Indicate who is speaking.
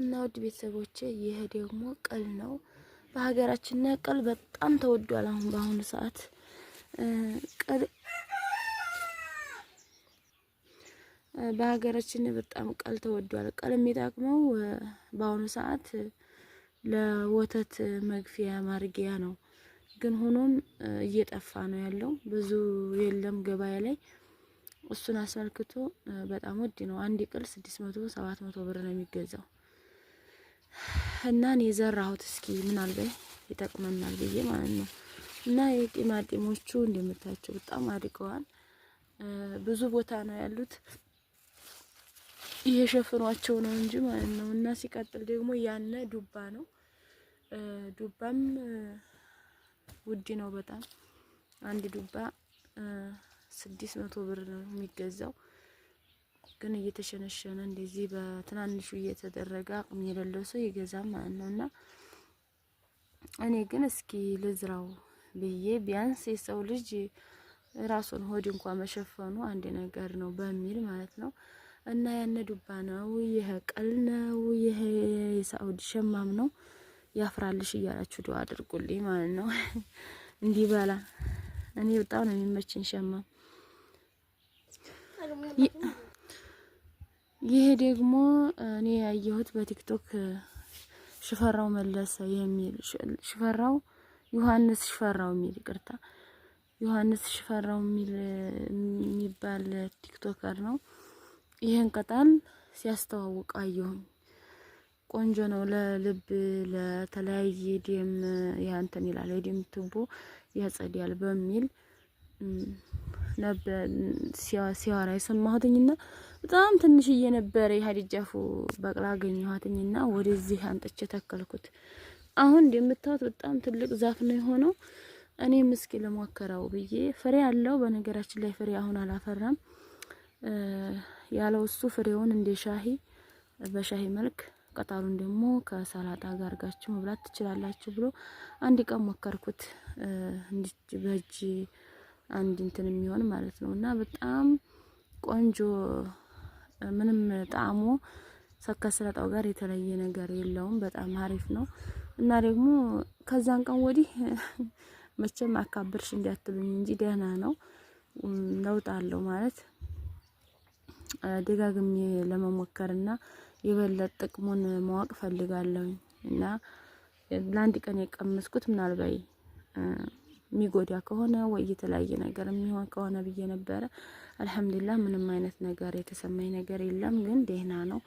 Speaker 1: እና ውድ ቤተሰቦች ይህ ደግሞ ቅል ነው። በሀገራችን ቅል በጣም ተወዷል። አሁን በአሁኑ ሰዓት ቅል በሀገራችን በጣም ቀል ተወዷል። ቀል የሚጠቅመው በአሁኑ ሰዓት ለወተት መግፊያ ማርጊያ ነው። ግን ሆኖም እየጠፋ ነው ያለው፣ ብዙ የለም ገበያ ላይ። እሱን አስመልክቶ በጣም ውድ ነው። አንድ ቅል ስድስት መቶ ሰባት መቶ ብር ነው የሚገዛው። እናን የዘራሁት እስኪ ምናል ይጠቅመናል ብዬ ማለት ነው። እና የጢማጢሞቹ እንደምታቸው በጣም አድገዋል። ብዙ ቦታ ነው ያሉት እየሸፍኗቸው ነው እንጂ ማለት ነው። እና ሲቀጥል ደግሞ ያነ ዱባ ነው። ዱባም ውድ ነው በጣም አንድ ዱባ ስድስት መቶ ብር ነው የሚገዛው። ግን እየተሸነሸነ እንደዚህ በትናንሹ እየተደረገ አቅም የሌለው ሰው ይገዛል ማለት ነው። እና እኔ ግን እስኪ ልዝራው ብዬ ቢያንስ የሰው ልጅ ራሱን ሆድ እንኳ መሸፈኑ አንድ ነገር ነው በሚል ማለት ነው። እና ያነ ዱባ ነው፣ ይህ ቀል ነው፣ ይህ የሳውዲ ሸማም ነው። ያፍራልሽ እያላችሁ ዱአ አድርጉልኝ ማለት ነው። እንዲበላ እኔ በጣም ነው የሚመችን ሸማም ይሄ ደግሞ እኔ ያየሁት በቲክቶክ ሽፈራው መለሰ የሚል ሽፈራው ዮሐንስ ሽፈራው የሚል ይቅርታ፣ ዮሐንስ ሽፈራው የሚል የሚባል ቲክቶከር ነው። ይሄን ቅጠል ሲያስተዋውቅ አየሁኝ። ቆንጆ ነው ለልብ ለተለያየ ደም ያንተን ይላል የደም ቱቦ ያጸዳል በሚል ነበር ሲያወራ የሰማሁትኝና በጣም ትንሽዬ ነበረ የሀዲጃፉ በቅላ አገኘኋትኝና ወደዚህ አንጥቼ ተከልኩት። አሁን እንደምታዩት በጣም ትልቅ ዛፍ ነው የሆነው። እኔ ምስኪ ለሞከረው ብዬ ፍሬ አለው። በነገራችን ላይ ፍሬ አሁን አላፈራም ያለው እሱ ፍሬውን እንደ ሻሂ በሻሂ መልክ ቅጠሉን ደግሞ ከሰላጣ ጋር አድርጋችሁ መብላት ትችላላችሁ ብሎ አንድ ቀን ሞከርኩት። እንዲህ በእጅ አንድ እንትን የሚሆን ማለት ነው እና በጣም ቆንጆ ምንም ጣዕሙ ከሰላጣው ጋር የተለየ ነገር የለውም። በጣም አሪፍ ነው እና ደግሞ ከዛን ቀን ወዲህ መቼም አካብርሽ እንዲያትሉኝ እንጂ ደህና ነው ለውጥ አለው ማለት ደጋግሜ ለመሞከርና የበለጠ ጥቅሙን ማወቅ ፈልጋለሁኝ እና ለአንድ ቀን የቀመስኩት ምናልባይ የሚጎዳ ከሆነ ወይ የተለያየ ነገር የሚሆን ከሆነ ብዬ ነበረ። አልሐምዱሊላህ ምንም አይነት ነገር የተሰማኝ ነገር የለም፣ ግን ደህና ነው።